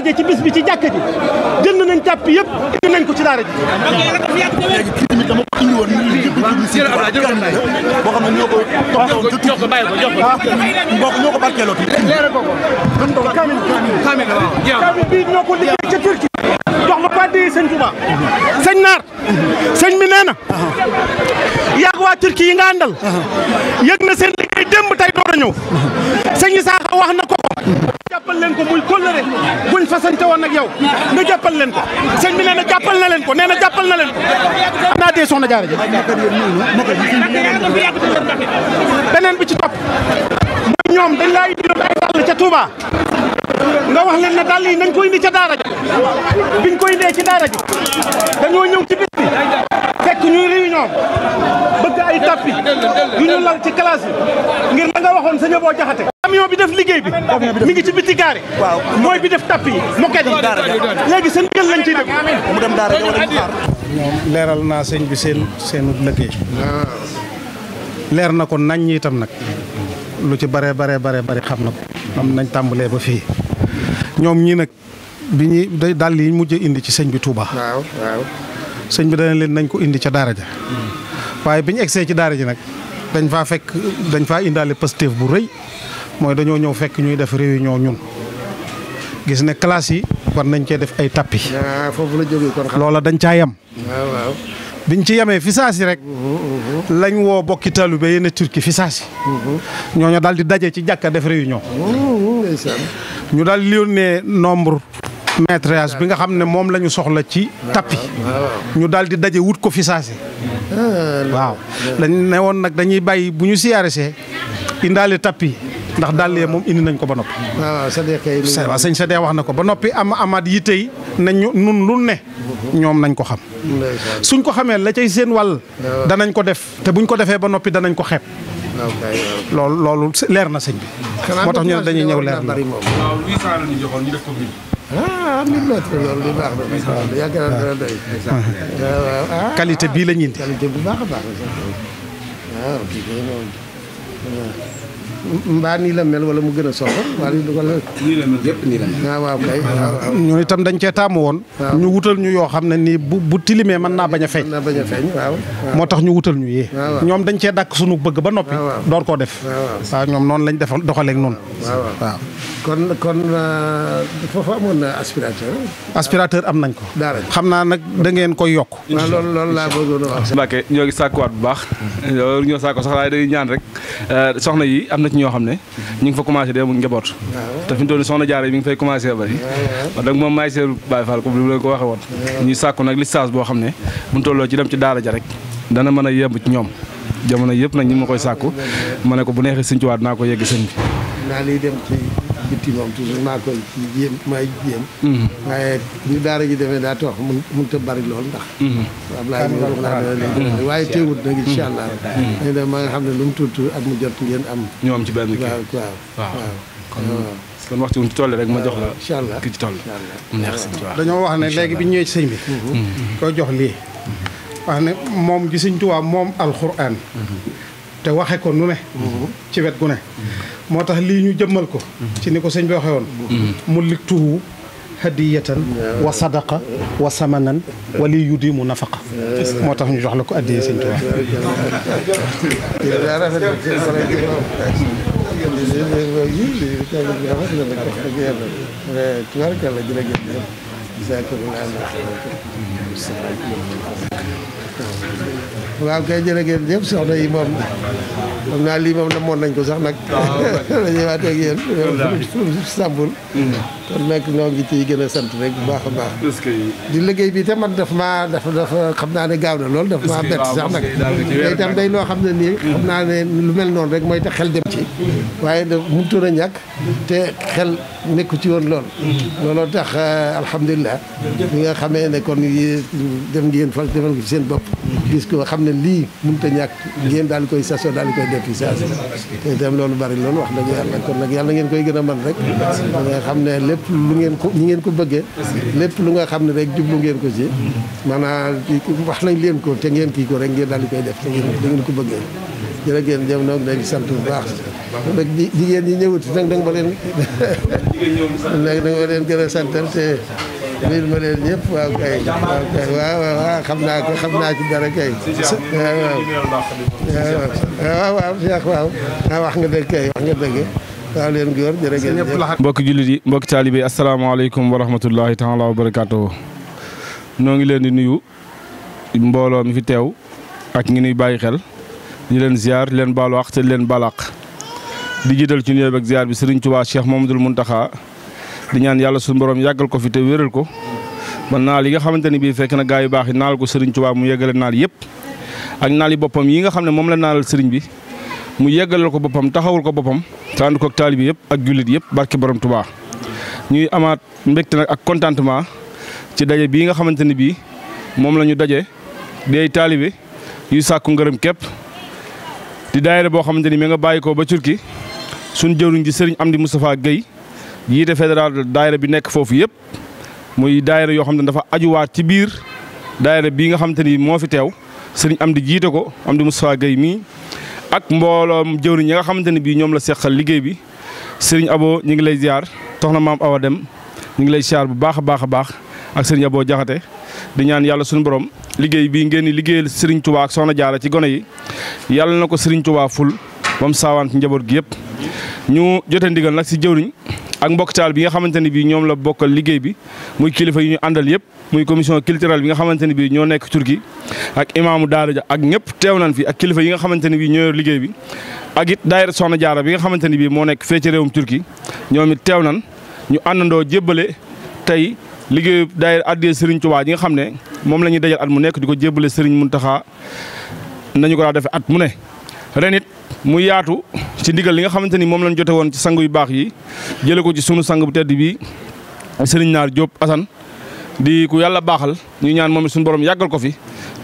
daje ci bis bi ci jàkk ji jënd nañ tàpp yëpp indi nañ ko ci daara ji. léegi kii tamit dama ko indi woon boo xam ne ñoo ko toog jox ko bàyyi ko jox ko ñoo ko barkeeloo tuuti. leeral ko ko. kaamil kaamil Touba sëñ Naar sëñ bi nee na yàgg waa turki yi nga àndal yëg na seen liggéey démb tey door a ñëw sëñ Isaaxa wax na ko ko jàppal leen ko muy kóllëre buñ fasante woon nag yow nga jàppal leen ko sëñ bi nee na jàppal na leen ko nee na jàppal na leen ko am naa dee soxna jaara ji beneen bi ci topp mooy ñoom dañ laa indiloon ay dàll ca Touba nga wax leen ne yi nañ ko indi ca daara ji biñ ko indee ci daara ji dañoo ñëw ci bis bi fekk ñuy réunion bëgg ay tapis yu ñu lal ci classe yi ngir na nga waxoon saña boo jaxate camion bi def liggéey ci bitti bi mu dem daara ji wala mu xaar ñoom leeral naa sëñ bi seen seenu liggéey leer na ko nañ itam nag lu ci bare bare bare bare xam na ko am nañ tàmbalee ba fii ñoom ñii nag bi ñuy day dal yi mujj indi ci sëñ bi Touba. waaw waaw. sëñ bi dañ leen nañ ko indi ca daara ja waaye bi ñu egsee ci daara ji nag dañ faa fekk dañ faa indaale positif bu rëy mooy dañoo ñëw fekk ñuy def réunion ñun gis ne classe yi war nañ cee def ay tapis. Ah, foofu la jógee loola dañ caa yem. waaw waaw. ci yemee fi saasi rek. Uhuh, uhuh. lañ woo bokki taalibe yenn turki fi saasi. Uhuh. ñooñu dal di daje ci jàkka def réunion. ñu daal di yónnee nombre métrage bi nga xam ne moom la ñu soxla ci tapis ñu daal di daje wut ko fi saase waaw dañ ne woon nag dañuy bàyyi bu ñu siyaaresee indaale tapis ndax dàll yee moom indi nañ ko ba noppi. waaw sëñ Sadee wax na ko ba noppi am amaat yi tey nañ nun lu ne ñoom nañ ko xam. suñ ko xamee la cay seen wàll. danañ ko def te buñ ko defee ba noppi danañ ko xeeb. loolu loolu leer na sëñ bi. moo tax ñu ne dañuy ñëw leer na. ah mille mètres loolu lu yàgg na qualité bii la ñu indi. a ah, mbaa nii la mel wala mu gën a soxla wala wala. nii la mel ah, ah, ah, dañ cee taamu woon. ñu wutal ñu yoo xam ne nii bu bu tilimee man naa baña feeñ. mën bañ feeñ moo tax ñu wutal ñu yi ñoom dañ cee dàkk suñu bëgg ba noppi. door koo def. waaw ñoom noonu lañ def doxaleeg noonu. waaw kon kon foofu amoon na aspirateur. am nañ ko. xam naa nag da ngeen koy yokk. waaw loolu a ñoo ngi sàkkuwaat bu dañuy ñaan rek eh, soxna yi am na ñoo xam ne ñu ngi fa commencé dee mu njaboot te fi mu toll soxna jaare ngi fay commencé bari wax dëgg moom maay seer Baye Fall comme li leen ko ñuy sàkku nag licence boo xam ne mu tolloo ci dem ci daara ja rek dana mën a yemb ci ñoom jamono yëpp nag ñu ma koy sàkku ma ne ko bu neexee sëñ ci waat naa ko yegg sëñ bi bitti moom toujours maa koy ci jéem maay jéem. Mhm. waaye ñu daara ji demee daa tax mun mënut a bari lool ndax. Mhm. Ablaye moom wax mhm. waaye teewut nag incha allah. dañu dem ba nga xam ne lu mu tuuti at mu jot ngeen am. ñoom am ci benn kii waaw waaw waaw. kon waxtu wuñ toll rek ma jox la. incha allah ki ci toll. merci dañoo wax ne léegi bi ñu ñëwee ci sëñ bi. koo jox lii. wax ne moom gi sëñ am moom alxuraan. te waxe ko nu ne ci wet gu ne moo tax lii ñu jëmmal ko ci ni ko sëñ bi waxe woon mu lig tuhu hadiyatan wa sadaqa wa samanan wa li yudimu nafaqa moo tax ñu jox la ko addiye sëñ Tuubaa waaw kay jërë ngeen jëf soxna yi moom xam naa lii moom namoon nañ ko sax nag ah, la ñëwaat ak yéen Istanbul mm. kon nag ñoo ngi ciy gën a sant rek bu baax a baax di liggéey bi itam man daf maa dafa dafa xam naa ne gaaw na lool daf maa bett sax nag te itam day loo xam ne nii mm. xam naa ne lu mel noonu rek mooy tax xel dem ci mm. waaye da mënutoon a ñàkk te xel nekku ci woon lool looloo tax euh, alhamdulilah ñi nga xamee ne kon dem ngeen fal defal ko ci seen bopp gis ko xam ne lii mënut a ñàkk ngeen daal koy sasoo daal koy def nekk ci saasi te itam loolu bari loolu wax dëgg yàlla kon nag yàlla ngeen koy gën a man rek da lu ngeen ko ñi ngeen ko lu ngeen ko ci maanaam wax nañ leen ko te ngeen kii ko rek ngeen daal di ko bëggee jërëjëf jëm noog dañ sant bu baax nag jigéen leen da nga a biir ma leen ñëpp waaw kay waaw waaw waaw xam naa ko xam naa ci dara kay. waaw waaw waaw Cheikh ah, wax nga dëgg kay wax nga dëgg. waaw leen góor jërëjëf. mbokki jullit asalaamaaleykum wa rahmatullahi taala wa ngi leen di nuyu mbooloo mi fi teew ak ngi nuy bàyyi xel di leen ziar leen baalu te leen baal àq di jiital ci nuyoo ak ziar bi Serigne Touba Cheikh Mamadou Mountakha. di ñaan yàlla suñu boroom yàggal ko fi te wéral ko ba naal yi nga xamante ni bii fekk na gaa yu baax yi naal ko Serigne Touba mu yeggale naal yëpp ak naal yi boppam yi nga xam ne moom la naalal Serigne bi mu yeggalal ko boppam taxawul ko boppam te ànd ko taalibe yëpp ak jullit yëpp barki borom Touba ñuy amaat mbégte nag ak contentement ci daje bii nga xamante ni bii moom la ñu daje di ay taalibe yuy sàkku ngërëm képp di daayira boo xamante ni mi nga bàyyi ko ba Turki suñu jëwriñ ji Serigne Amdi Moustapha Guèye jiite fédéral daayira bi nekk foofu yëpp muy daayira yoo xam ne dafa ajuwaat ci biir daayira bii nga xam te ni moo fi teew sëriñ am di jiite ko am di mu Moustapha Guèye mii ak mbooloom jëwriñ ñi nga xamante ne bii ñoom la seqal liggéey bi sëriñ Abo ñu ngi lay ziar na maam Awa Dem ñu ngi lay ziar bu baax a baax a baax ak sëriñ Abo Jaxate di ñaan yàlla suñu borom liggéey bii ngeen di liggéeyal sëriñ Touba ak soxna Jaara ci gone yi yàlla na ko sëriñ Touba ful ba mu njaboot gi yëpp ñu jote nag si jëwriñ ak mbokktaal bi nga xamante ne bii ñoom la bokkal liggéey bi muy kilifa yu ñu àndal yëpp muy commission culturelle bi nga xamante ne bii ñoo nekk Turquie ak imaamu daara ak ñëpp teew nañ fi ak kilifa yi nga xamante ne bii ñoo yor bi ak it daayira Soxna Jaara bi nga xamante ne bii moo nekk fee ci réewum Turquie ñoom it teew nañ ñu àndandoo jébbale tey liggéeyu daayira Serigne Touba yi nga xam ne moom la ñuy dajal at mu nekk di ko jébbale Serigne Mountakha nañu ko daa defee at mu ne ren mu yaatu ci ndigal li nga xamante ni moom lañ jote woon ci sang yu baax yi jële ko ci sunu sang bu tedd bi sëriñ Naar Diop Assane di ku yàlla baaxal ñu ñaan moom it suñu borom yàggal ko fi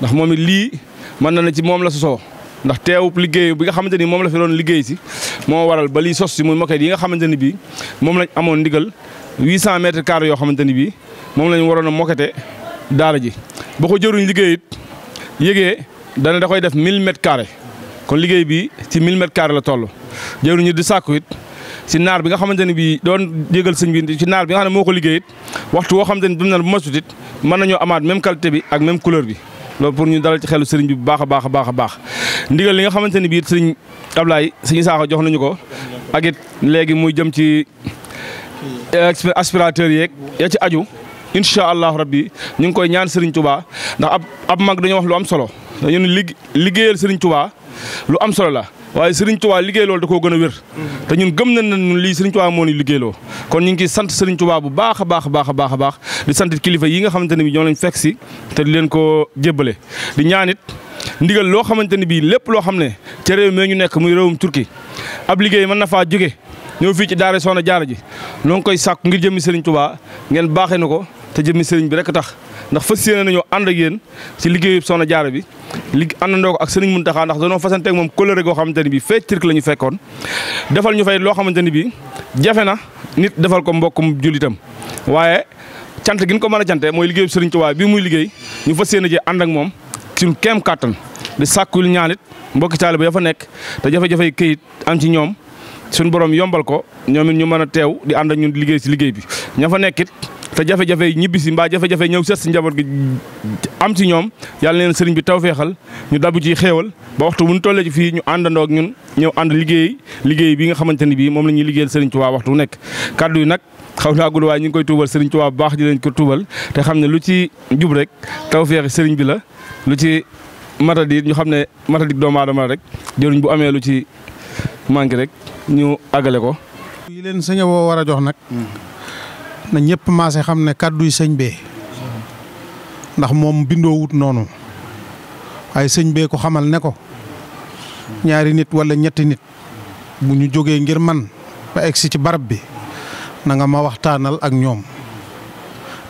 ndax moom it lii mën na ne ci moom la sosoo ndax teewub liggéey bi nga xamante ni moom la fi doon liggéey si moo waral ba lii sos si muy moquette yi nga xamante ni bii moom lañ amoon ndigal 800 mètres carrés yoo xamante ni bii moom lañ waroon a moquette daara ji. boo ko jëruñ liggéey it yëgee da koy def 1000 mètres kon liggéey bi ci 1000 mètres carrés la toll jëw ñu di sàkku it si naar bi nga xamante ne bii doon jégal sëñ bi ci naar bi nga xam moo ko liggéey waxtu woo xamante ne bi mu ne bu masut it mën nañoo amaat même qualité bi ak même couleur bi loolu pour ñu dalal ci xelu sëriñ bi bu baax a baax a baax a baax ndigal li nga xamante ne bii sëriñ Ablaye sëñ Isaaxa jox nañu ko ak it léegi muy jëm ci euh, aspirateur yeeg ya ci aju incha allah rabbi ñu ngi koy ñaan sëriñ Touba ndax ab ab mag dañoo wax lu am solo dañu ne liggéeyal sëriñ Touba lu am solo la waaye Serigne Touba liggéey loolu da koo gën a wér te ñun gëm nañ ne lii Serigne Touba moo ni liggéeyloo kon ñu ngi ciy sant Serigne Touba bu baax a baax a baax a baax a baax di sant kilifa yi nga xamante ne bi ñoo lañ fekk si te di leen ko jébbale di ñaanit ndigal loo xamante ne bii lépp loo xam ne cere réew mee ñu nekk muy réewum turki ab liggéey mën na faa jóge ñëw fii ci daara Soxna Jaara ji noo ngi koy sàkku ngir jëmmi Serigne Touba ngeen baaxee na ko te jëmmi sëriñ bi rek tax ndax fas yéene nañoo ànd ak yéen ci liggéeyu soxna jaara bi li àndandoo ko ak mun Muntaxa ndax danoo fasante moom kóllëre goo xamante ni bii fee ñu fekkoon defal ñu fay loo xamante ni bii jafe na nit defal ko mbokkum jullitam waaye cant gi ñu ko mën a cante mooy liggéeyu sëriñ Tuubaa bii muy liggéey ñu fës yéene jee ànd ak moom suñu kéem kàttan di sàkkul ñaanit mbokki taaliba ya fa nekk te jafe-jafe këyit am ci ñoom suñu borom yombal ko ñoom ñu mën a teew di ànd ñun liggéey ci liggéey bi ña fa nekkit te jafe-jafe ñibbi si mbaa jafe-jafe ñëw seet si njaboot gi am ci ñoom yàlla na leen sëriñ bi tawféexal ñu dabu ci xéewal ba waxtu bu ñu tollee ci fii ñu àndandoo ak ñun ñëw ànd liggéey liggéey bi nga xamante ni bii moom la ñuy liggéeyal sëriñ Tuubaa waxtu bu nekk kàddu yi nag xaw naa gudd waaye ñu ngi koy tuubal sëriñ Tuubaa bu baax di leen ko tuubal te xam ne lu ci jub rek tawféexi sëriñ bi la lu ci matadi ñu xam ne matadi doomu aadama rek jëriñ bu amee lu ci manqué rek ñu àggale ko. yi leen sëñ war a jox nag mm. na ñëpp maase xam ne kàdduy sëñ bee ndax moom bindoo wut noonu waaye sëñ bee ko xamal ne ko ñaari nit wala ñetti nit bu ñu jógee ngir man ba egsi ci barab bi nanga ma waxtaanal ak ñoom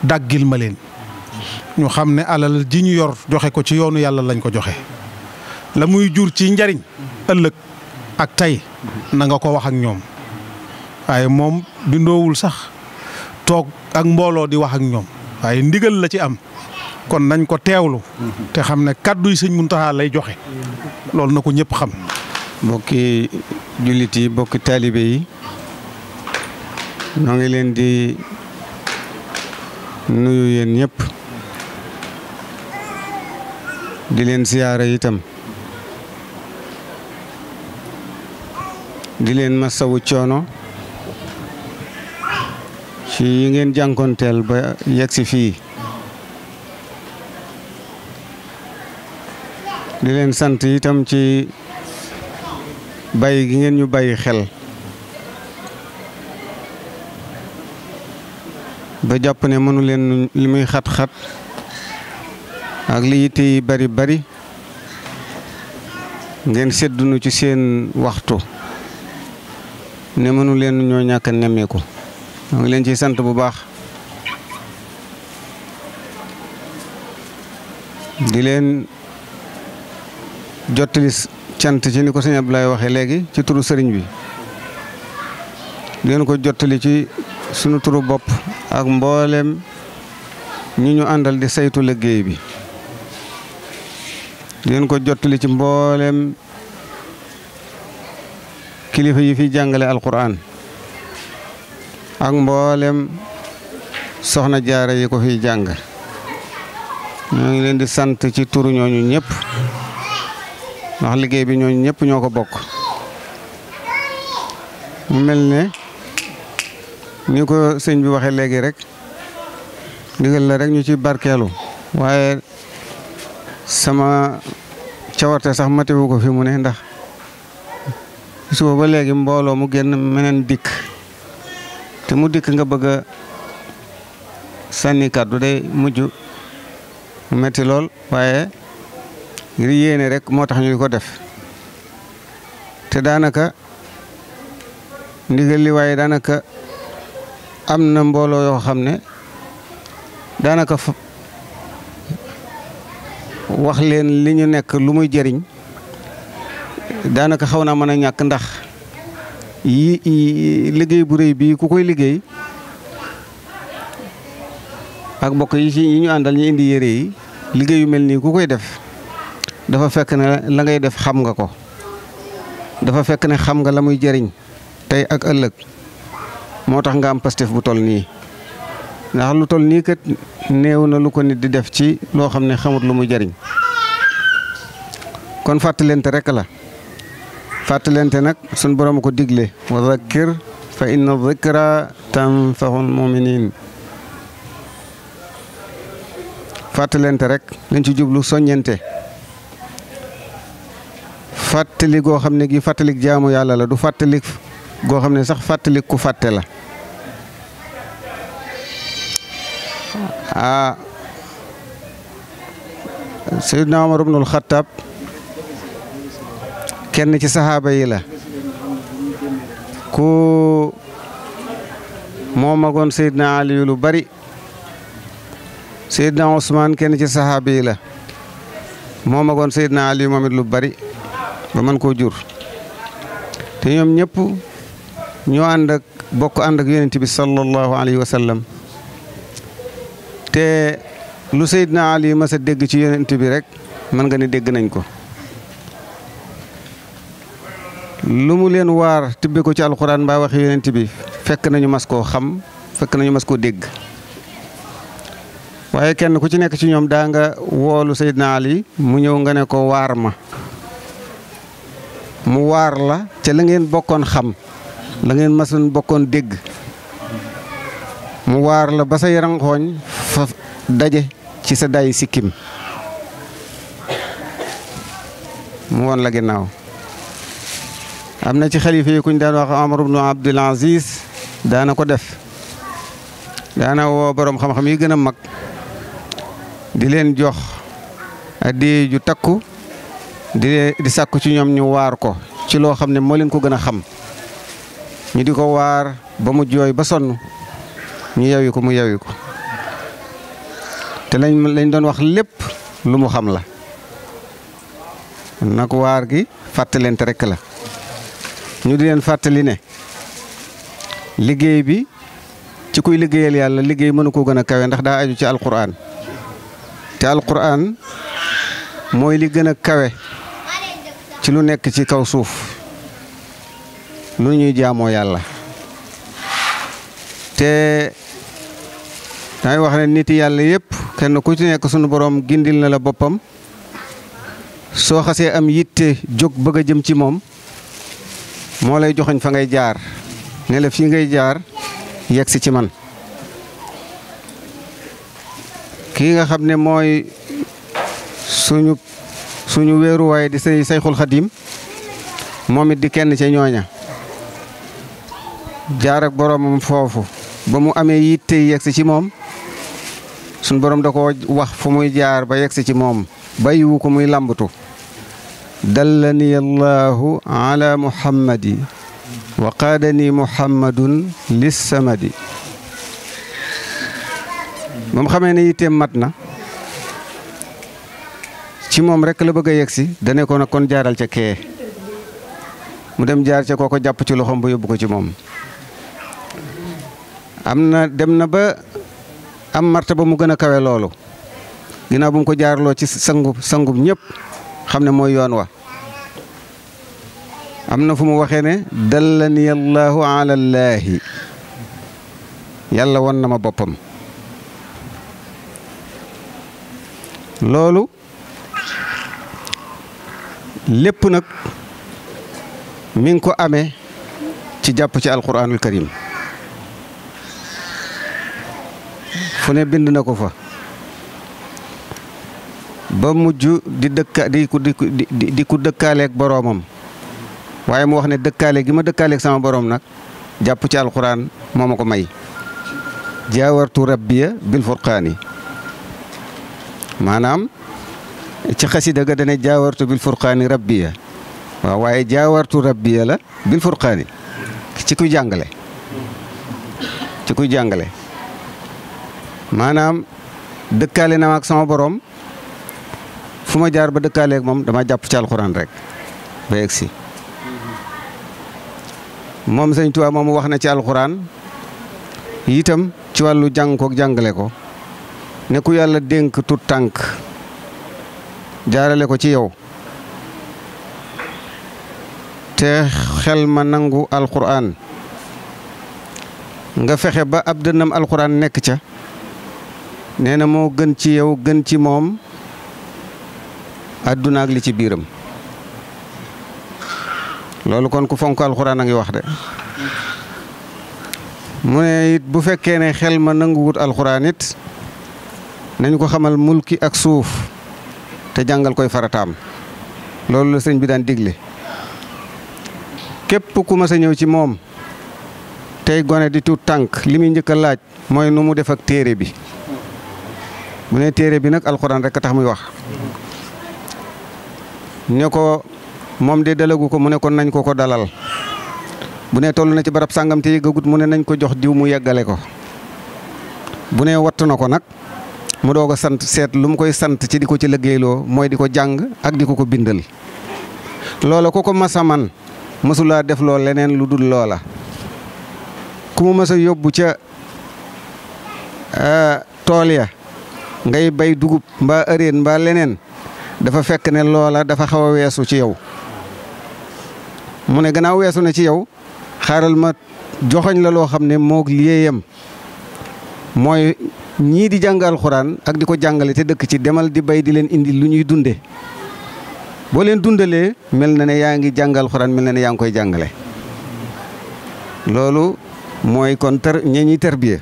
dàggil ma leen ñu xam ne alal ji ñu yor joxe ko ci yoonu yàlla lañ ko joxe la muy jur ci njariñ ëllëg ak tey na nga ko wax ak ñoom waaye moom bindoowul sax toog ak mbooloo di wax ak ñoom waaye ndigal la ci am kon nañ ko teewlu te xam ne kàddu yi sëñ Muntaxa lay joxe loolu na ko ñëpp xam bokki jullit yi bokki taalibe yi ñoo ngi leen di nuyu yéen ñëpp di leen siyaara itam di leen ma masawu coono ci yi ngeen jànkonteel ba yegg si fii di leen sant itam ci bàyyi gi ngeen ñu bàyyi xel ba jàpp ne mënu leen li muy xat-xat ak li yitte yi bari bari ngeen seddunu ci seen waxtu ne mënu leen ñoo ñàkk a mu ngi leen ciy sant bu baax di leen jottali cant ci ni ko sëñ Abdoulaye waxee léegi ci turu sëriñ bi di leen ko jottali ci sunu turu bopp ak mbooleem ñi ñu àndal di saytu liggéey bi di leen ko jottali ci mbooleem kilifa yi fi jàngale alquran ak mboolem soxna jaara yi ko fiy jàng ñoo ngi leen di sant ci turu ñooñu ñëpp ndax liggéey bi ñooñu ñëpp ñoo ko bokk mu mel ne ñu ko sëñ bi waxee léegi rek digal la rek ñu ci barkeelu waaye sama cawarte sax matewu ko fi mu ne ndax suba ba léegi mbooloo mu génn meneen dikk mu dikk nga bëgg a sànni kàddu day mujj metti lool waaye ngir yéene rekk moo tax ñu ko def te daanaka ndigal li waaye daanaka am na mbooloo yoo xam ne daanaka wax leen li ñu nekk lu muy jëriñ daanaka xaw naa mën a ñàkk ndax yi liggéey bu rëy bii ku koy liggéey ak mbokk yi ci ñu àndal ñu indi yére yi liggéey yu mel nii ku koy def dafa fekk ne la ngay def xam nga ko dafa fekk ne xam nga la muy jariñ tey ak ëllëg moo tax nga am pastef bu toll nii ndax lu tol nii kat néew na lu ko nit di def ci loo xam ne xamut lu muy jariñ kon fàttalente rek la. fàttalente nag boroom borom ko digle waa zakkir fa inna zikra tanfahul muminin fàttalente rek lañ ci jublu soññente fàttali goo xam ne gi fàttalik jaamu yàlla la du fàttalik goo xam ne sax fàttalik ku fàtte la ah Seydina Omar ibnul Xattaab kenn ci saxaaba yi la ku moo magoon Seydina Aliyu lu bari Seydina Ousmane kenn ci saxaaba yi la moo magoon Seydina Aliyu moom lu bari ba mën koo jur te ñoom ñëpp ñoo ànd bokk ànd ak yonent bi sallallahu alayhi wa te lu Seydina Aliyu mas a dégg ci yonent bi rek mën nga ni dégg nañ ko lu mu leen waar tibbe ko ci alxuraan mbaa waxi yonent bi fekk nañu mas koo xam fekk nañu mas koo dégg waaye kenn ku ci nekk ci ñoom daa nga woolu Seydina Ali mu ñëw nga ne ko waar ma mu waar la ca la ngeen bokkoon xam la ngeen masoon bokkoon dégg mu waar la ba sa yaram xooñ fa daje ci sa day sikkim mu won la ginnaaw am na ci xalifa yi ñu daan wax Amar ibnu Abdul Aziz daana ko def daana woo borom xam-xam yi gën a mag di leen jox addiye ju takku di di sàkku ci ñoom ñu waar ko ci loo xam ne moo leen ko gën a xam ñu di ko waar ba mu jooy ba sonn ñu yewi ko mu yewi ko te lañ lañ doon wax lépp lu mu xam la nag waar gi fàttalente rekk la ñu di leen fàttali ne liggéey bi ci kuy liggéeyal yàlla liggéey mënu koo gën a kawe ndax daa aju ci alquran te alquran mooy li gën a kawe ci lu nekk ci kaw suuf lu ñuy jaamoo yàlla te damay wax ne nit yàlla yépp kenn ku ci nekk sunu boroom gindil na la boppam soo xasee am yitte jóg bëgg a jëm ci moom moo lay joxoñ fa ngay jaar ne yi ngay jaar yegg si ci man kii nga xam ne mooy suñu suñu weeruwaay di say sayxul xadim moom it di kenn ca ñooña jaar ak boromam foofu ba mu amee yitte yegg si ci moom suñ borom da ko wax fu muy jaar ba yegg si ci moom bàyyiwu ko muy làmbatu dallani allahu ala muhammadi wa qaadani muhammadun lissamadi ba mu xamee ne yitteem mat na ci moom rek la bëgg a yegsi dane ko nag kon jaaral ca kee mu dem jaar ca ko jàpp ci loxoom ba yóbbu ko ci moom am na dem na ba am ba mu gën a kawe loolu ginnaaw bu mu ko jaarloo ci sangu sangub ñépp xam ne mooy yoon wa am na fu mu waxee ne dallani allahu yàlla won na ma boppam loolu lépp nag mi ngi ko amee ci jàpp ci alquranul karim fu ne bind na ko fa ba mujj di dëkka di ku di ku boroomam waaye mu wax ne dëkkaale gi ma dëkkaaleeg sama boroom nag jàpp ci alxuraan moo ma ko may jaawartu rabbiya bil furqaani maanaam ci xasida ga dane jaawartu bil furqaani rabbiya waaw waaye jaawartu rabbiya la bil furqaani ci kuy jàngale ci kuy jàngale maanaam dëkkaale na ma ak sama boroom fu ma jaar ba dëkkaaleeg moom dama jàpp ci alxuraan rek ba yegg si moom sëñ Tuubaa moom wax na ci alxuraan itam ci wàllu jàng ko jàngale ko nekku yàlla dénk tut tànk jaarale ko ci yow te xel ma nangu alxuraan nga fexe ba ab dënnam alxuraan nekk ca neena moo gën ci yow gën ci moom àdduna li ci biiram loolu kon ku fonk alxuraan a ngi wax de mu ne it bu fekkee ne xel ma nanguwut alxuraan it nañ ko xamal mulki ak suuf te jàngal koy farataam loolu la sëñ bi daan digle képp ku mas a ñëw ci moom tey gone di tuut tànk li muy njëkk laaj mooy nu mu def ak téere bi mu ne téere bi nag alxuraan rek a tax muy wax ne ko moom de dalagu ko mu ne kon nañ ko ko dalal bu ne toll na ci barab sàngam te yëggagut mu ne nañ ko jox diw mu yeggale ko bu ne watt na ko nag mu doo ko sant seet lu mu koy sant ci di ko ci liggéeyloo mooy di ko jàng ak di ko ko bindal loola ku ko mas man mësulaa def loo leneen lu dul loola ku mu mas a yóbbu ca eh, tool ya ngay bay dugub mbaa ëreen mbaa leneen dafa fekk ne loola dafa xaw a weesu ci yow mu ne ganaaw weesu na ci yow xaaral ma joxoñ la loo xam ne moo moog liyeeyam mooy ñii di jàngal alxuraan ak di ko jàngale te dëkk ci demal di bay di leen indi lu ñuy dunde boo leen dundalee mel na ne yaa ngi jàngal alxuraan mel na ne yaa ngi koy jàngale loolu mooy kon ter ñee ñuy terbiye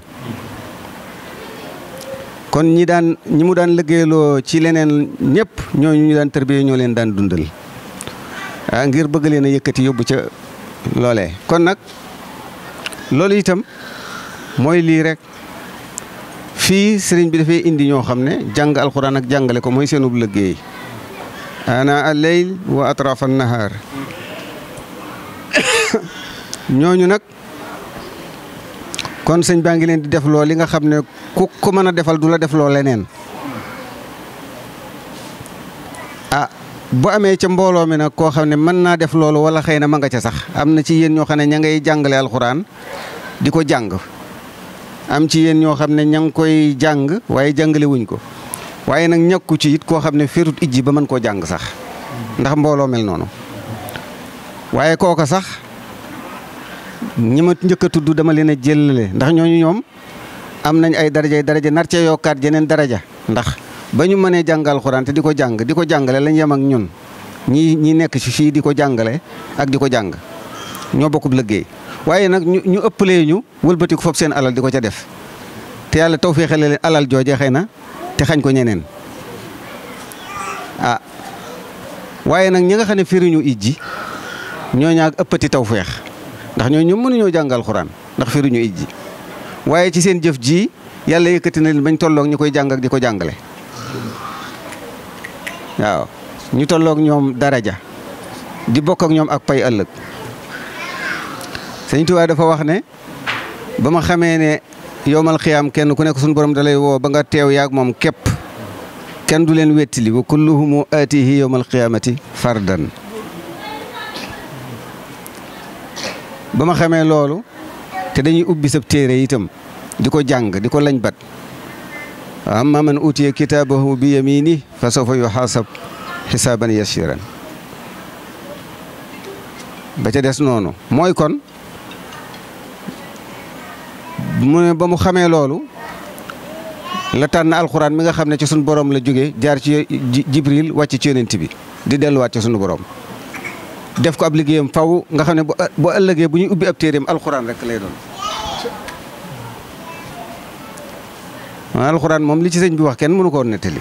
kon ñi daan ñi mu daan liggéeyloo ci leneen ñépp ñooñu ñu daan tërbiyee ñoo leen daan dundal ah, ngir bëgg leen a yëkkati yóbbu ca loole kon nag loolu itam mooy lii rek fii sëriñ bi dafay indi ñoo xam ne jàng alxuraan ak jàngale ko mooy seenub liggéey ana al-layl wa atrafa an ñooñu nag. kon sëñ baa ngi leen di def loo li nga xam ne ku ko mën a defal du la def loo leneen a ah, bu amee ca mbooloo mi nag koo xam ne mën naa def loolu wala xëy na ma nga ca sax am na ci yéen ñoo xam ne ña ngay jàngale alxuraan di ko jàng am ci yéen ñoo xam ne ña ngi koy jàng waaye jàngale wuñ ko waaye nag ñakku ci it koo xam ne féetut ijji ba mën koo jàng sax ndax mbooloo mel noonu waaye kooka sax. ñi ma njëkk a tudd dama leen a jëlale ndax ñooñu ñoom am nañ ay daraja daraja nar cee yokkaat yeneen daraja ndax ba ñu mënee jàngal Alxuraan te di ko jàng di ko jàngale lañu yem ak ñun ñi ñi nekk ci fii di ko jàngale ak di ko jàng ñoo bokkub liggéey waaye nag ñu ñu ëppalee ñu wëlbati ko seen alal di ko ca def te yàlla tawféexale leen alal jooje xëy na te xañ ko ñeneen ah. waaye nag ñi nga xam ne firiñu ijji ñoo ñaag ëppati tawféex ndax ñoo ñoom mënuñoo jàngal xuraan ndax firuñu ñu ji waaye ci seen jëf ji yàlla yëkkati na leen bañ tollook ñu koy jàng di ko jàngale waaw ñu tolloog ñoom daraja di bokk ak ñoom ak pay ëllëg Sëñ Tuubaa dafa wax ne ba ma xamee ne yowmal xiyaam kenn ku nekk suñu borom dalay woo ba nga teew yaag moom képp kenn du leen wettili wa kulluhumu aatihi yowmal xiyaamati fardan ba ma xamee loolu te dañuy ubbi sab téere itam di ko jàng di ko lañ bat amma man utiya kitaabahu bi yamini fa sawfa yuhaasab xisaaban yasiran ba ca des noonu mooy kon mu ne ba mu xamee loolu la tànn alxuraan mi nga xam ne ci sunu borom la jóge jaar ci jibril wàcc ci yonent bi di delluwaat ca sunu boroom def ko ab liggéeyam faw nga xam ne bu ëllëgee bu ñuy ubbi ab téeréem alxuraan rek lay doon waaw alxuraan moom li ci sëñ bi wax kenn mënu koo nettali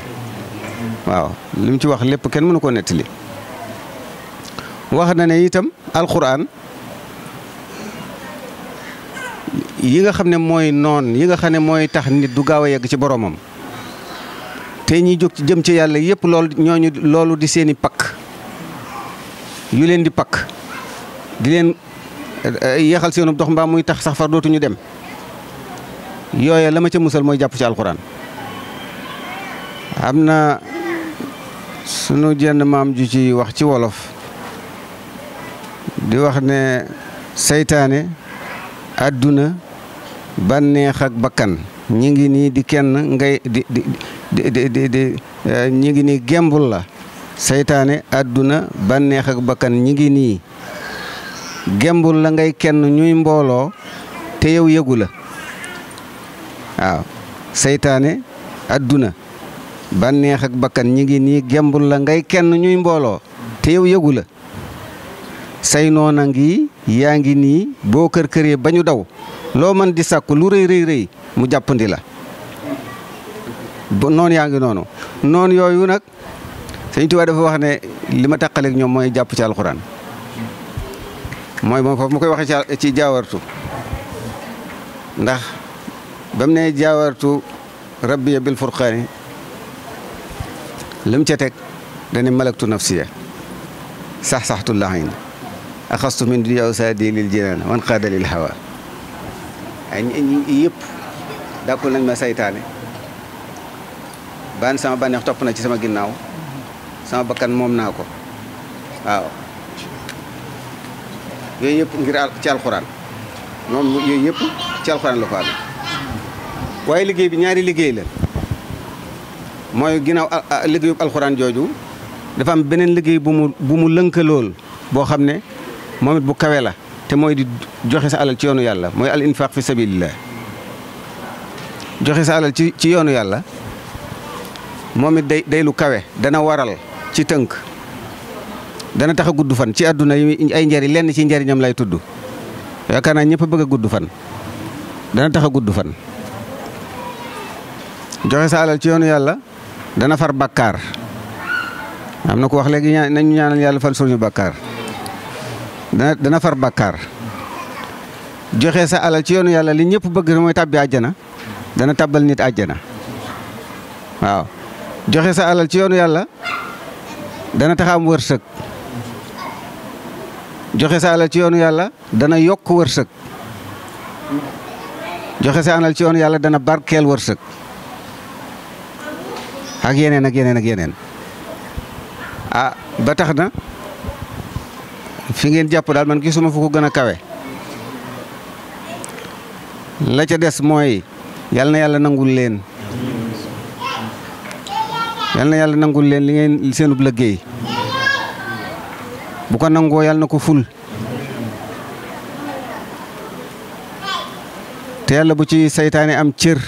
waaw li mu ci wax lépp kenn mënu koo nettali wax na ne itam alxuraan yi nga xam ne mooy noon yi nga xam ne mooy tax nit du gaaw a yegg ci boromam te ñi jóg jëm ci yàlla yëpp loolu ñooñu loolu di seeni pakk yu leen di pakk di leen eh, eh, yeexal seenub dox mbaa muy tax sax far dootuñu dem yooye la ma ca musal mooy jàpp ci alxuraan am na sunu jenn maam ju ci wax ci wolof di wax ne seytaane àdduna bànneex ak bakkan ñi ngi nii di kenn ngay di di di di eh, ñi ngi nii gembul la seytaane àdduna bànneex ak bakkan ñi ngi nii gembul la ngay kenn ñuy mbooloo te yow yëgu la waaw seytaane àdduna bànneex ak bakkan ñi ngi nii gembul la ngay kenn ñuy mbooloo te yow yëgu la say noona ngi yaa ngi nii boo kër kër këree ba ñu daw loo mën di sàkku lu rëy rëy rëy mu jàppandi la noon yaa ngi noonu noon yooyu nag sëñ Tuubaa dafa wax ne li ma tàqaleeg ñoom mooy jàpp ci alxuraan mooy moom foofu ma koy waxee ci jaawartu ndax ba mu ne jaawartu rabbiya bil furqaani li mu ca teg dane malaktu nafsiya sax saxtu laxin axastu min dunya usaadi lil jinaan wan qaada hawa ay yëpp dàkkul nañ ma seytaane baan sama bànneex topp na ci sama ginnaaw sama bakkan moom naa ko waaw yooyu yëpp ngir ci alxuraan moom yooyu yëpp ci alxuraan la ko amee waaye liggéey bi ñaari liggéey la mooy ginnaaw liggéeyu alxuraan jooju dafa am beneen liggéey bu mu bu mu boo xam ne moom bu kawe la te mooy di joxe sa alal ci yoonu yàlla mooy al infaq fi sabilillah ci ci yoonu yàlla moom it day day kawe dana waral ci tënk dana tax a gudd fan ci àdduna yi ay njariñ lenn ci njariñam lay tudd yaakaar naa ñëpp bëgg a gudd fan dana tax a gudd fan joxe sa alal ci yoonu yàlla dana far bàkkaar am na ko wax léegi nañu ñaanal yàlla fal suñu bàkkaar dana dana far bàkkaar joxe sa alal ci yoonu yàlla li ñëpp bëgg mooy tàbbi àjjana dana tàbbal nit àjjana waaw joxe sa alal ci yoonu yàlla dana tax am wërsëg joxe sa alal ci yoonu yàlla dana yokk wërsëg joxe sa alal ci yoonu yàlla dana barkeel wërsëg ak yeneen ak yeneen ak yeneen ah ba tax na fi ngeen jàpp daal man gisuma fu ko gën a kawe la ca des mooy yàlla na yàlla nangul leen yal na yàlla nangul leen li ngeen seenub liggéey bu ko nangoo yàlla na ko ful te yàlla bu ci seytaane am cër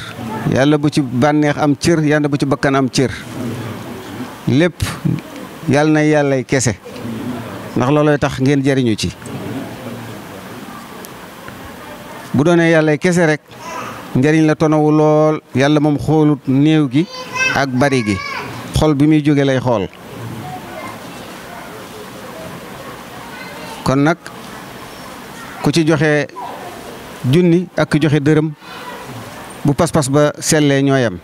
yàlla bu ci bànneex am cër yàlla bu ci bakkan am cër lépp yàlla na yàllay kese ndax loolooy tax ngeen jariñu ci bu doonee yàlla kese rek njariñ la tonawu lool yàlla moom xoolut néew gi ak bari gi xol bi muy jóge lay xool kon nag ku ci joxe junni ak joxe dërëm bu pas-pas ba sellee ñooyam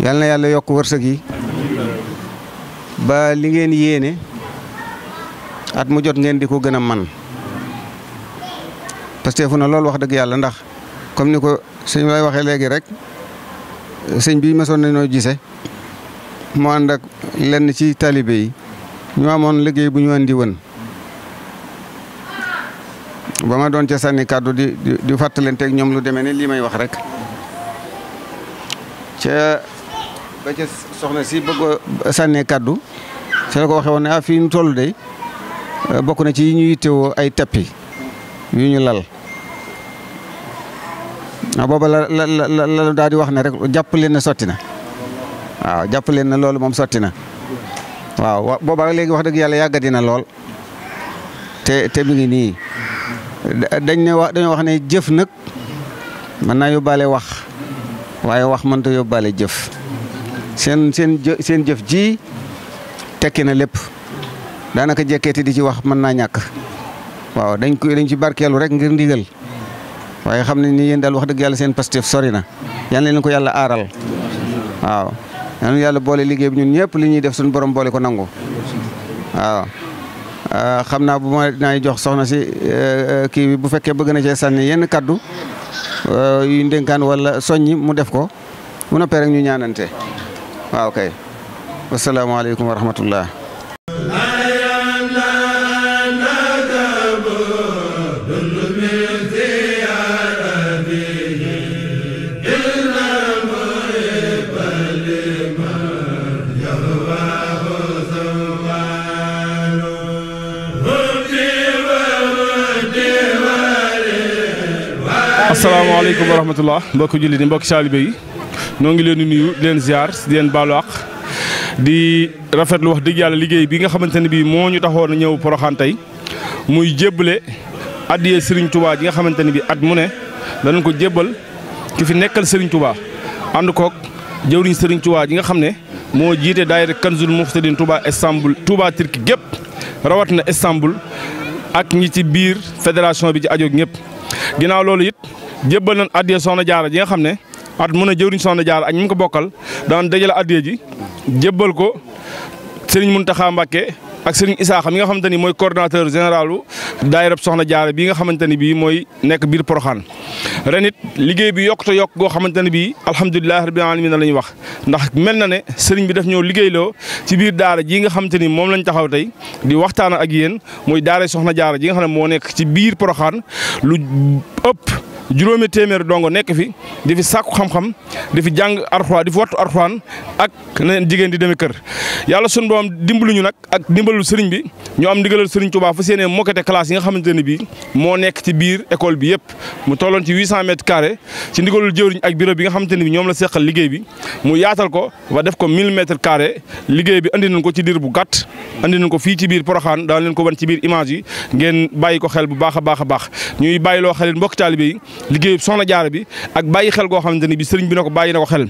yal na yàlla yokk wërsëg yi ba li ngeen yéene at mu jot ngeen di ko gën a man parce fu na loolu wax dëgg yàlla ndax comme ni ko sëñ lay waxee léegi rek sëñ bi mësoon nañoo gise mu ànd ak lenn ci taalibe yi ñu amoon liggéey bu ñu andi woon ba ma doon ca sànni kàddu di di fàttalanteeg ñoom lu demee ni lii may wax rek ca ba ca soxna si bëgg a kàddu ca la ko waxee woon ne ah, fii ñu toll de bokk na ci yi ñu yittewoo ay tappi yu ñu lal waaw booba la la daal di wax ne rek jàpp leen sotti na waaw jàpp leen ne loolu moom sotti na waaw booba léegi wax dëgg yàlla yàggati na lool te te mi ngi nii dañ ne wax dañoo wax ne jëf nag mën naa yóbbaale wax waaye wax mën ta yóbbaale jëf seen seen seen jëf ji tekki na lépp daanaka jekkeeti di ci wax mën naa ñàkk waaw dañ ko dañ ci barkeelu rek ngir ndigal. waaye xam nañ ni yéen daal wax dëgg yàlla seen pastef sori na yal leen ko yàlla aaral waaw yal yàlla boole liggéey bi ñun ñëpp li ñuy def suñu borom boole ko nangu waaw. Ah, xam naa bu ma naay jox soxna si eh, kii bi bu fekkee bëgg na cee sànni yenn kaddu eh, yu ndénkaan wala soññi mu def ko mu noppee rek ñu ñaanante waaw kay wasalaamaaleykum wa rahmatullah asalaamaaleykum wa rahmatullah mbokki jullit yi mbokki saalibe yi ñoo ngi leen di nuyu di leen ziar di leen baalu àq di rafetlu wax dëgg yàlla liggéey bi nga xamante ne bii moo ñu taxoon a ñëw Poroxaan tey muy jébbale addiyee Serigne Touba ji nga xamante ne bii at mu ne danañ ko jébbal ki fi nekkal Serigne Touba ànd koog jëwriñ Serigne Touba ji nga xam ne moo jiite daayira Kanzul Muxtadin Touba Istanbul Touba Turki gépp rawatina Istanbul ak ñi ci biir fédération bi ci ajoog ñëpp ginnaaw loolu it. jébbal nañ addiya soxna jaara ji nga xam ne at mën a jëwriñ soxna jaara ak ñu ko bokkal daan dajale addiya ji jëbbal ko Serigne Mountakha Mbacké ak Serigne Issakha mi nga xamante ni mooy coordonnateur généralu daayira soxna jaara bii nga xamante ni bii mooy nekk biir Porokhane ren it liggéey bi yokkute yokk goo xamante ne bii alhamdulilah rabbil alamin la ñuy wax ndax mel na ne sëriñ bi daf ñëw liggéeyloo ci biir daara ji nga xamante ni moom lañ taxaw tey di waxtaan ak yéen muy daara soxna jaara ji nga xam ne moo nekk ci biir Porokhane lu ëpp. juróomi téeméer dongo nekk fi di fi sàkku xam-xam di fi jàng arxuwaan di fi wattu arxuwaan ak neen jigéen di demee kër yàlla sunu doom dimbaluñu nag ak dimbalul sëriñ bi ñu am ndigalal sëriñ Tuubaa fa seenee mokkete classe yi nga xamante ne bii moo nekk ci biir école bi yëpp mu tolloon ci 800 mètres carrés ci ndigalul jëwriñ ak bureau bi nga xamante ne bi ñoom la seqal liggéey bi mu yaatal ko ba def ko 1000 mètres carrés liggéey bi andi nañ ko ci diir bu gàtt andi nañ ko fii ci biir Poroxaan daan leen ko wan ci biir yi ngeen bàyyi ko xel bu baax a baax a baax ñuy bàyyiloo mbokk taalibe yi liggéey soxna jaare bi ak bàyyi xel goo xamante ni bi sëriñ bi na ko bàyyi na ko xel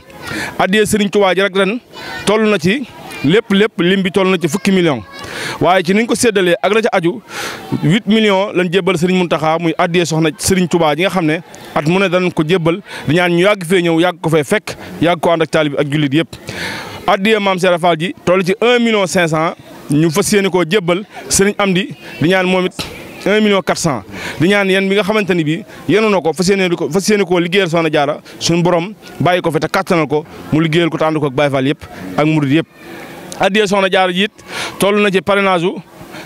addee sëriñ Tuubaa ji rek ren toll na ci lépp lépp lim bi toll na ci fukki million waaye ci niñ ko séddalee ak la ca aju huit millions lañ jébbal sëriñ Muntaxa muy addee soxna sëriñ Tuubaa ji nga xam ne at mu ne danañ ko jébbal di ñaan ñu yàgg fee ñëw yàgg ko fee fekk yàgg ko ànd ak taalib ak jullit yëpp addee maam Seera Fall ji toll ci un million cinq cent ñu fas yéene koo jébbal sëriñ Amdi di ñaan moom it un million quatre cent di ñaan yéen bi nga xamante ni bi yenu na ko fas yéene ko fas yéene koo liggéeyal soxna jaara suñu borom bàyyi ko fi te kattanal ko mu liggéeyal ko te ànd ko ak Baye Fall yëpp ak murid yëpp addiyee soxna jaara ji it na ci parrainage u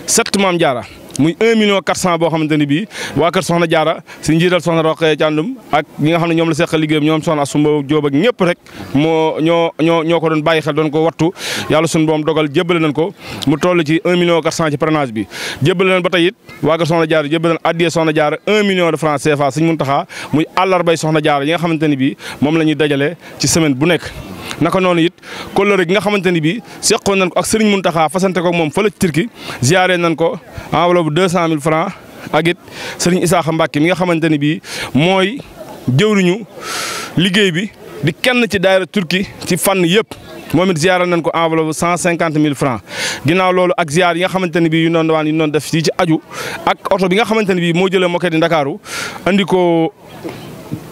sept maam jaara muy 1 million 400 boo xamante ni bii waa kër Soxna Jaara si njiital Soxna Roqee Càndum ak ñi xam ne ñoom la seqal liggéeyam ñoom Soxna Asumba Jóob ak ñëpp rek moo ñoo ñoo ñoo ko doon bàyyi xel doon ko wattu yàlla suñu boom dogal jébbale nañ ko mu toll ci 1 million 400 ci parrainage bi jébbale nañ ba tey it waa kër Soxna Jaara jébbale nañ addiyee Soxna Jaara 1 million de francs CFA Sëñ Muntaxa muy àllarbay Soxna Jaara yi nga xamante ni bii moom la ñuy dajale ci semaine bu nekk kóllëre gi nga xamante ni bii seqoon nañ ko ak Serigne Mountakha fasante ko moom fële ci Turquie ziare nañ ko enveloppe deux cent mille francs ak it Serigne Isaaxa Mbacke mi nga xamante ni bii mooy jëwriñu liggéey bi di kenn ci daayira Turquie ci fànn yëpp. moom it nañ ko enveloppe cent cinquante mille francs ginnaaw loolu ak ziar yi nga xamante ne bii yu noonu dawaan yu noonu def ci aju ak oto bi nga xamante ne bii moo jëlee moket yi Ndakaaru andi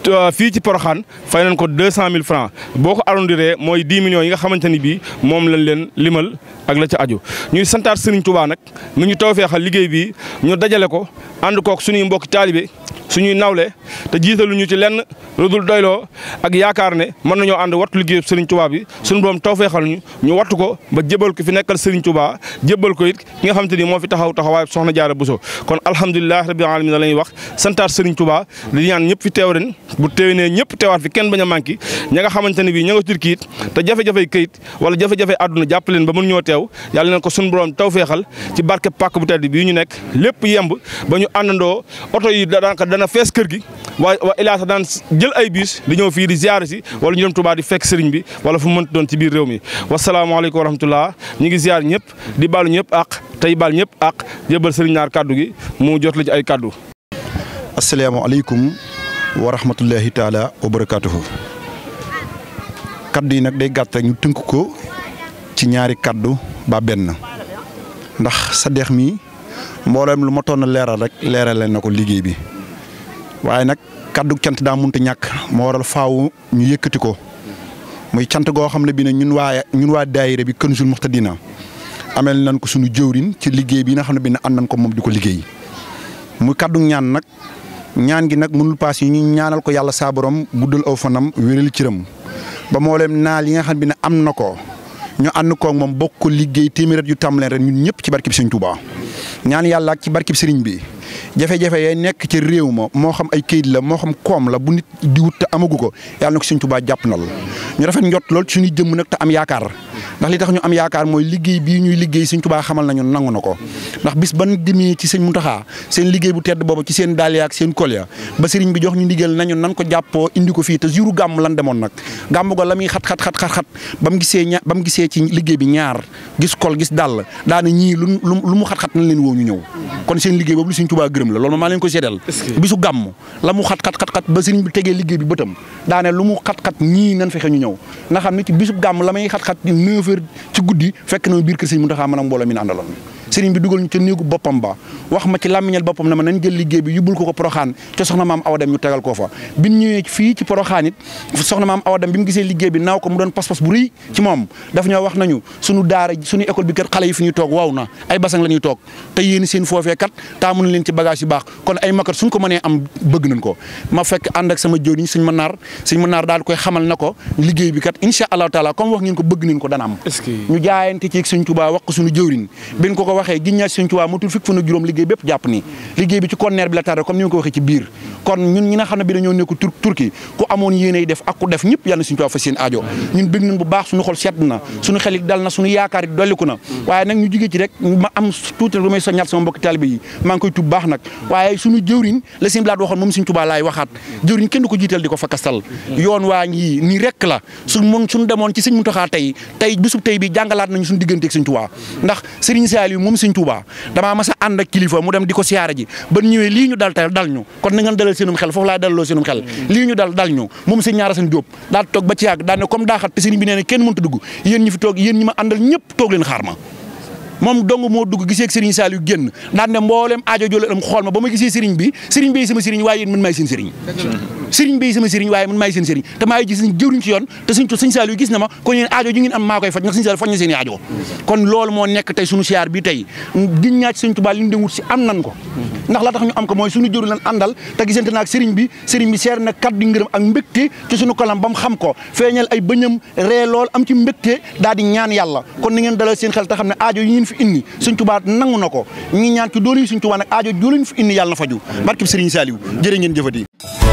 Euh, fii ci Porokhane fay nañ ko deux cent mille francs boo ko arrondiree mooy dix millions yi nga xamante ni bii moom lañ leen limal ak la ca aju ñuy santaat Serigne Touba nag mi ñu tawfeexal liggéey bi ñu dajale ko ànd kook suñuy mbokki taalibe suñuy nawle te ñu ci lenn lu dul doyloo ak yaakaar ne mën nañoo ànd wattu liggéeyu Serigne Touba bi suñu borom tawfeexal ñu ñu wattu ko ba jébal ko fi nekkal Serigne Touba jébal ko it ki nga xam te ni moo fi taxaw taxawaay soxna Jaara Buso kon alhamdulilahi rabbil alamin la ñuy wax santaat Serigne Touba li ñaan ñëpp fi teew ren bu teewenee ñëpp teewaat fi kenn bañ a manqué ña nga xamante ne bii ña nga turki it te jafe wala jafe-jafe àdduna jàpp leen ba mën ñoo teew teew yàlla na ko suñu borom tawféexal ci barke pàkk bu tedd bii ñu nekk lépp yemb ba ñu àndandoo oto yi daanaka dana fees kër gi waa waa ilaa sax daan jël ay biis di ñëw fii di ziar si wala ñu dem Touba di fekk sëriñ bi wala fu mu doon ci biir réew mi wasalaamaaleykum wa rahmatullah ñu ngi ziar ñëpp di baalu ñëpp àq tey ñëpp àq jébal sëriñ naar kàddu gi mu jot la ay kàddu wa rahmatullahi taala wa barakaatuhu kaddu nag day gàtt rek ñu tënk ko ci ñaari kàddu ba benn ndax sa dex mi mboolem lu ma toon a leeral rek leerale na ko liggéey bi waaye nag kàddu cant daa munta ñàkk moo waral ñu yëkkati ko muy cant goo xam ne bi ne ñun waa ñun waa daayira bi Kanzul Muhtadina amel nañ ko suñu jëwrin ci liggéey bi nga xam ne bi ne nañ ko moom di ko liggéey muy kàddu ñaan nag ñaan gi nag mënul paas yi ñu ñaanal ko yàlla saa borom guddal aw fanam wéral cëram ba moo leen naal yi nga xam ne bi na am na ko ñu ànd koog moom bokk liggéey téeméer yu tàmm leen ren ñun ñëpp ci bi Sëriñ Touba ñaan yàlla ak ci bi sëriñ bi jafe-jafe yay nekk ci réew ma moo xam ay kayit la moo xam koom la bu nit di wut te amagu ko yàlla na ko Sëriñ Touba jàpp na ñu rafet njot lool suñuy jëmm nag te am yaakaar ndax li tax ñu am yaakaar mooy liggéey bii ñuy liggéey Sëñ Tuubaa xamal nañu nangu na ko seen liggéey bu tedd boobu ci seen daal ak seen kol ya ba sëriñ bi jox ñu ko jàppoo indi ko fii te juru gàmm lan demoon nag gàmm go la muy xat xat xat xat xat ba mu gisee ña ba mu bi ñaar gis kol gis dàll daana ñii lu mu xat-xat nañ leen woo ñu ñëw kon seen liggéey boobu lu Sëñ Tuubaa gërëm la loolu maa leen ko seedal bisu gàmm la mu xat xat ba sëriñ bi tegee liggéey bi bëtam daane lu mu xat-xat ñii nan fexe ñu ñëw nga xam ne bisu gàmm la may xat-xat 19 heures ci guddi fekk na ma biir kër sëñ Muntaxa man ak mbooloo na àndaloon sëriñ bi dugal ñu ca néegu boppam ba wax ma ci làmmiñal boppam ne ma nañ jël liggéey bi yóbbul ko ko poroxaan ca soxna maam awa dem ñu tegal ko fa bi ñu fii ci poroxaan soxna maam awa dem bi mu gisee liggéey bi naaw ko mu doon pas-pas bu rëy ci moom daf ñoo wax nañu suñu daara suñu école bi kat xale toog waaw na ay basang la ñuy toog te yéen seen foofee kat taamu nañ leen ci bagage yu baax kon ay makat suñ ko mënee am bëgg nañ ko ma fekk ànd ak sama jëwriñ suñ ma naar suñ ma naar daal koy xamal na ko liggéey bi kat insha allahu taala comme wax ngeen ko bëgg nañ ko dana am waxee gin ñaa Sëriñ Tuubaa matul fukk fan ak juróom liggéey bépp jàpp nii liggéey bi ci conteneur bi la tardé comme ni ma ko waxee ci biir kon ñun ñi nga xam ne bi dañoo nekk turki ku amoon yéeney def ak def ñëpp yàlla na Sëriñ waxaat jëwriñ kenn du ko jiital di ko fa kastal yoon waa ngi nii rek la su demoon ci Sëriñ Muntaxaa tey tey bisub tey bi jàngalaat nañu suñu digganteeg Sëriñ ndax Sëriñ Saliou moom sëñ Touba damaa mas a ànd mu dem di ko siyaare ji ba ñëwee lii ñu dal tey dal ñu kon na ngeen dalal seenum xel foofu laa dalaloo seenum xel lii ñu dal dal ñu moom sëñ ñaara seen jóob daal toog ba daal ne comme daa xat te sëriñ bi nee ne kenn mënta dugg yéen ñi fi toog yéen ñi ma àndal ñëpp toog leen xaar moom dong moo dugg gisee ak Serigne Saliou génn daan ne mboolem aajo joola am xool ma ba ma gisee Serigne bi Serigne bi sama waaye yéen na ma kon yéen aajo ju maa koy faj ndax Serigne bi tey la tax ñu am ko mooy suñu jëru lan àndal te gisante naak Serigne bi Serigne bi seer na kaddu ngërëm ci suñu kolam ba mu xam ko feeñal ay bëñam ree lool am ci mbégte daal di ñaan yàlla kon na ngeen dalal seen xel te ne aajo ñu fi indi Sëñ Tuubaa nangu na ko ñi ñaan ci doole yi Sëñ Tuubaa nag aajo joo leen fi indi yàlla na faju barkib Sëriñ Saaliw jërë ngeen jëfati